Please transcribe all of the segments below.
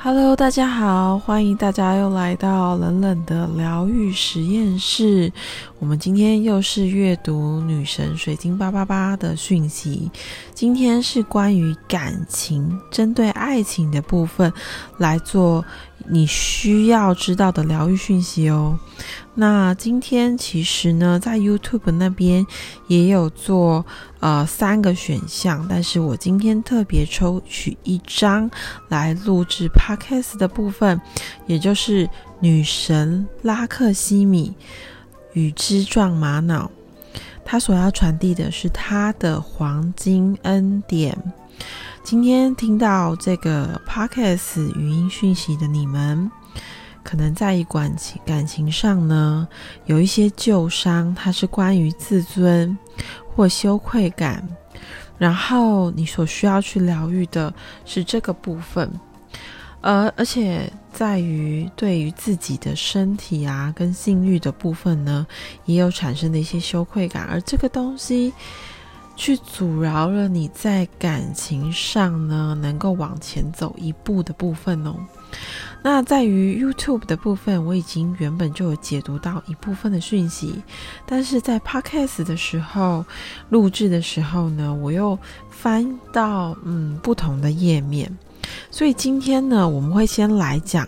Hello，大家好，歡迎大家又來到冷冷的療癒實驗室。我們今天又是閱讀女神水晶888的訊息，今天是關於感情，針對愛情的部分來做。你需要知道的療癒訊息哦。那今天其實呢，在 YouTube 那邊也有做呃三個選項，但是我今天特別抽取一張來錄製 Podcast 的部分，也就是女神拉克希米與枝狀瑪瑙，她所要傳遞的是她的黃金恩典。今天聽到這個 Podcast 語音訊息的你們，可能在一段情感情上呢，有一些舊傷，它是關於自尊或羞愧感，然後你所需要去療癒的是這個部分，而、呃、而且在於對於自己的身體啊跟性慾的部分呢，也有產生的一些羞愧感，而這個東西。去阻撓了你在感情上呢能夠往前走一步的部分哦。那在於 YouTube 的部分，我已經原本就有解讀到一部分的訊息，但是在 Podcast 的時候錄製的時候呢，我又翻到嗯不同的頁面，所以今天呢，我們會先來講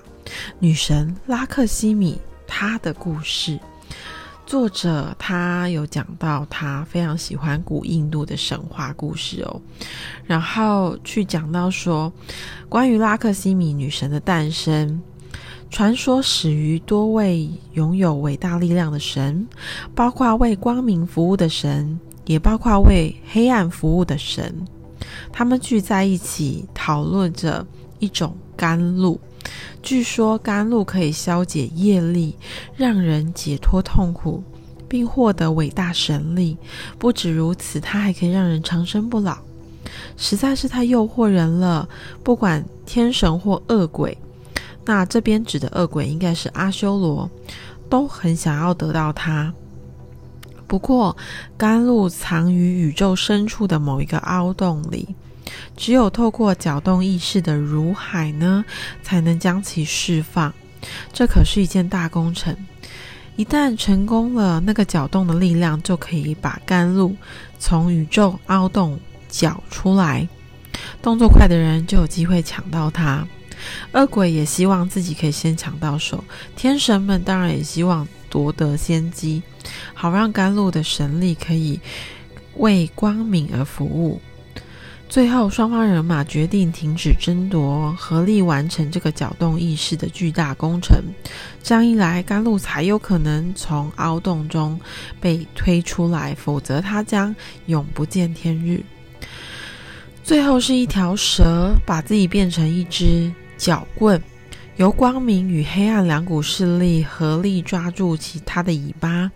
女神拉克希米她的故事。作者他有講到，他非常喜歡古印度的神話故事哦，然後去講到說，關於拉克希米女神的誕生，傳說始於多位擁有偉大力量的神，包括為光明服務的神，也包括為黑暗服務的神，他們聚在一起討論着一種甘露。據說甘露可以消解業力，讓人解脫痛苦，並獲得偉大神力。不止如此，它還可以讓人長生不老，實在是太誘惑人了。不管天神或惡鬼，那這邊指的惡鬼應該是阿修羅，都很想要得到它。不過，甘露藏於宇宙深處的某一個凹洞裡。只有透過攪動意識的乳海呢，才能將其釋放。這可是一件大工程。一旦成功了，那個攪動的力量就可以把甘露從宇宙凹洞攪出來。動作快的人就有機會搶到它。惡鬼也希望自己可以先搶到手。天神們當然也希望奪得先機，好讓甘露的神力可以為光明而服務。最後，雙方人馬決定停止爭奪，合力完成這個攪動意識的巨大工程。這樣一來，甘露才有可能從凹洞中被推出來，否則它將永不見天日。最後是一條蛇把自己變成一隻攪棍，由光明與黑暗兩股勢力合力抓住其它的尾巴，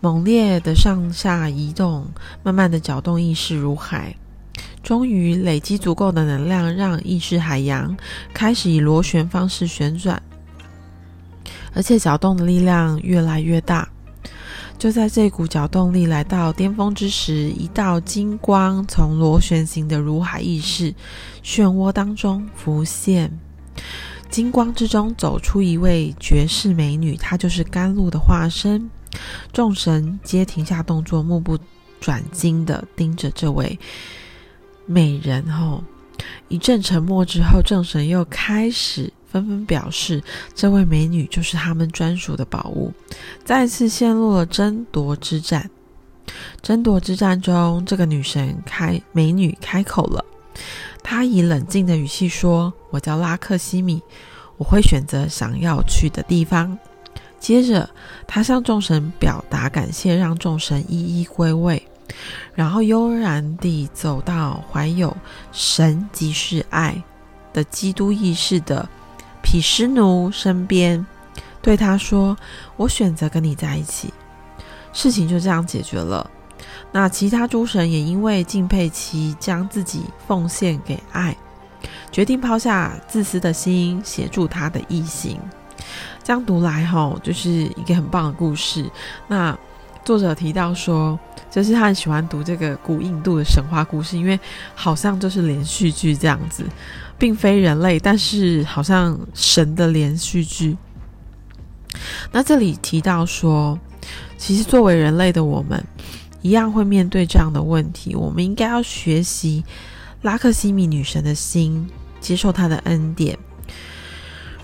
猛烈的上下移動，慢慢的攪動意識如海。終於累積足夠的能量，讓意識海洋開始以螺旋方式旋轉，而且攪動的力量越來越大。就在這股攪動力來到巔峰之時，一道金光從螺旋形的如海意識漩渦當中浮現。金光之中走出一位絕世美女，她就是甘露的化身。眾神皆停下動作，目不轉睛地盯着這位。美人吼、哦、一陣沉默之後，眾神又開始紛紛表示，這位美女就是他們專屬的寶物，再次陷入了爭奪之戰。爭奪之戰中，這個女神開美女開口了，她以冷靜的語氣說：“我叫拉克希米，我會選擇想要去的地方。”接着，她向眾神表達感謝，讓眾神一一歸位。然後悠然地走到懷有神即是愛的基督意識的毗濕奴身邊，對他說：“我選擇跟你在一起。”事情就這樣解決了。那其他諸神也因為敬佩其將自己奉獻給愛，決定拋下自私的心，協助他的義行。這樣讀來，哦，就是一個很棒的故事。那。作者提到說，就是他很喜歡讀這個古印度的神話故事，因為好像就是連續劇這樣子，並非人類，但是好像神的連續劇。那這裡提到說，其實作為人類的我們，一樣會面對這樣的問題，我們應該要學習拉克希米女神的心，接受她的恩典。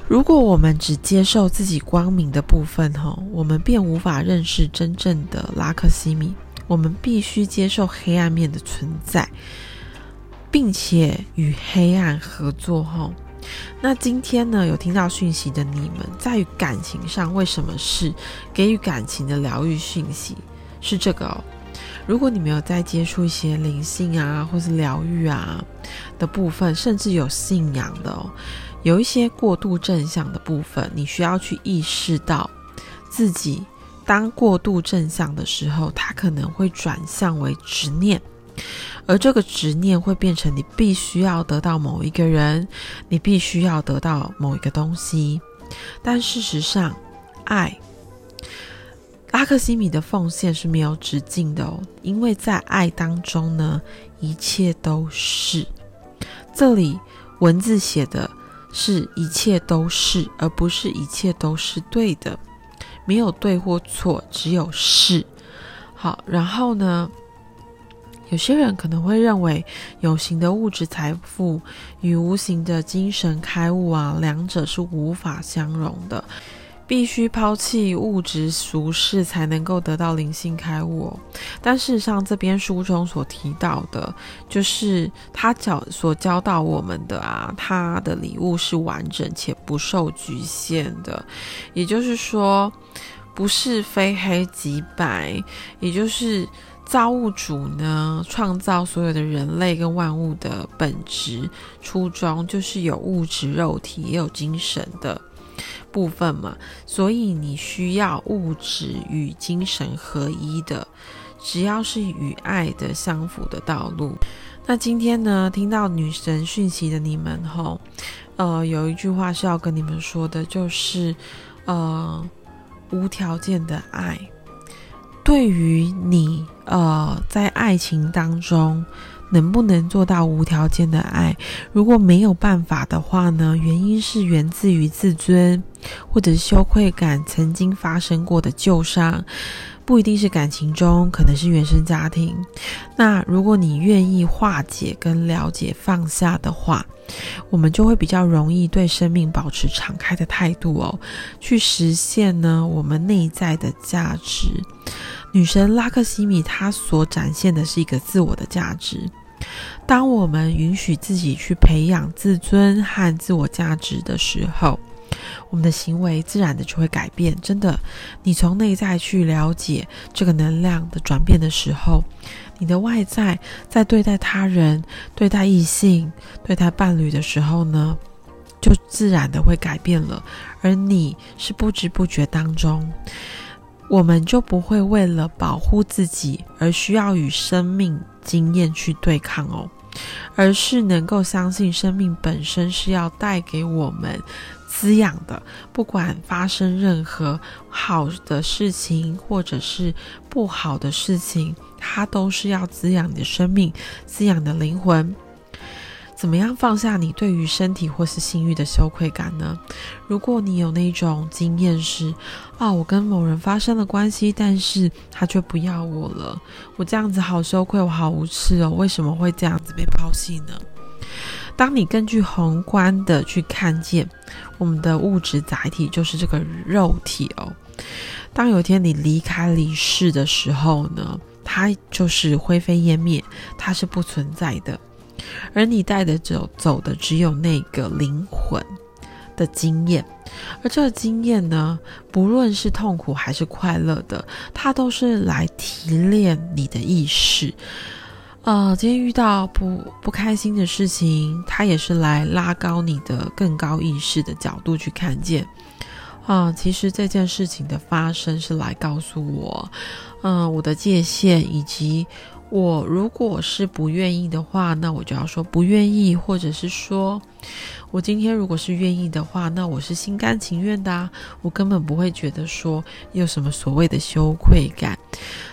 如果我們只接受自己光明的部分，哦，我們便無法認識真正的拉克希米。我們必須接受黑暗面的存在，並且與黑暗合作，哦，那今天呢，有聽到訊息的你們，在於感情上為什麼是給予感情的療癒訊息？是這個哦。如果你沒有再接觸一些靈性啊，或是療癒啊的部分，甚至有信仰的哦。有一些過度正向的部分，你需要去意識到，自己當過度正向的時候，它可能會轉向為執念，而這個執念會變成你必須要得到某一個人，你必須要得到某一個東西。但事實上，愛拉克希米的奉獻是沒有止境的哦，因為在愛當中呢，一切都是這裡文字寫的。是一切都是，而不是一切都是對的，沒有對或錯，只有是。好，然後呢，有些人可能會認為，有形的物質財富與無形的精神開悟啊，兩者是無法相容的。必須拋棄物質俗世，才能夠得到靈性開悟哦。但事實上，這邊書中所提到的，就是他教所教導我們的啊，他的禮物是完整且不受局限的，也就是說，不是非黑即白。也就是造物主呢，創造所有的人類跟萬物的本質初衷，就是有物質肉體，也有精神的部分嘛，所以你需要物質與精神合一的，只要是與愛的相符的道路。那今天呢，聽到女神訊息的你們後，呃，有一句話是要跟你們說的，就是呃，無條件的愛，對於你呃，在愛情當中，能不能做到無條件的愛？如果沒有辦法的話呢，原因是源自於自尊或者羞愧感，曾經發生過的舊傷，不一定是感情中，可能是原生家庭。那如果你願意化解跟了解放下的話，我們就會比較容易對生命保持敞開的態度哦，去實現呢，我們內在的價值。女神拉克希米她所展現的是一個自我的價值。當我們允許自己去培養自尊和自我價值的時候，我們的行為自然的就會改變。真的，你從內在去了解這個能量的轉變的時候，你的外在在對待他人、對待異性、對待伴侶的時候呢，就自然的會改變了。而你是不知不覺當中，我們就不會為了保護自己而需要與生命。經驗去對抗哦，而是能夠相信生命本身是要帶給我們滋養的。不管發生任何好的事情或者是不好的事情，它都是要滋養你的生命，滋養你的靈魂。怎麼樣放下你對於身體或是性慾的羞愧感呢？如果你有那種經驗是，啊，我跟某人發生了關係，但是他卻不要我了，我這樣子好羞愧，我好無恥哦，為什麼會這樣子被拋棄呢？當你根據宏觀的去看見，我們的物質載體就是這個肉體哦，當有一天你離開離世的時候呢，它就是灰飛煙滅，它是不存在的。而你帶的走走的只有那個靈魂的經驗，而這個經驗呢，不論是痛苦還是快樂的，它都是來提煉你的意識。呃，今天遇到不不開心的事情，它也是來拉高你的更高意識的角度去看見。啊、呃，其實這件事情的發生是來告訴我，嗯、呃，我的界限以及。我如果是不願意的話，那我就要說不願意，或者是說我今天如果是願意的話，那我是心甘情願的啊，我根本不會覺得說有什麼所謂的羞愧感。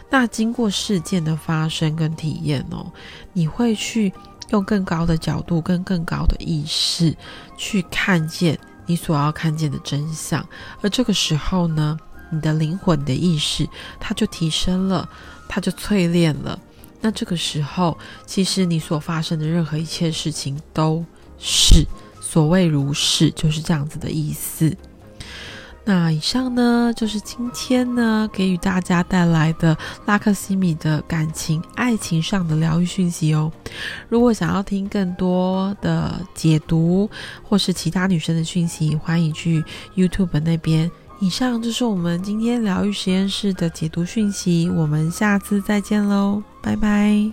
那經過事件的發生跟體驗哦，你會去用更高的角度跟更高的意識去看見你所要看見的真相，而這個時候呢，你的靈魂的意識它就提升了，它就淬煉了。那這個時候，其實你所發生的任何一切事情，都是所謂如是，就是這樣子的意思。那以上呢，就是今天呢，給予大家帶來的拉克希米的感情、愛情上的療癒訊息哦。如果想要聽更多的解讀，或是其他女生的訊息，歡迎去 YouTube 那邊。以上就是我們今天療癒實驗室的解讀訊息，我們下次再見嘍，拜拜。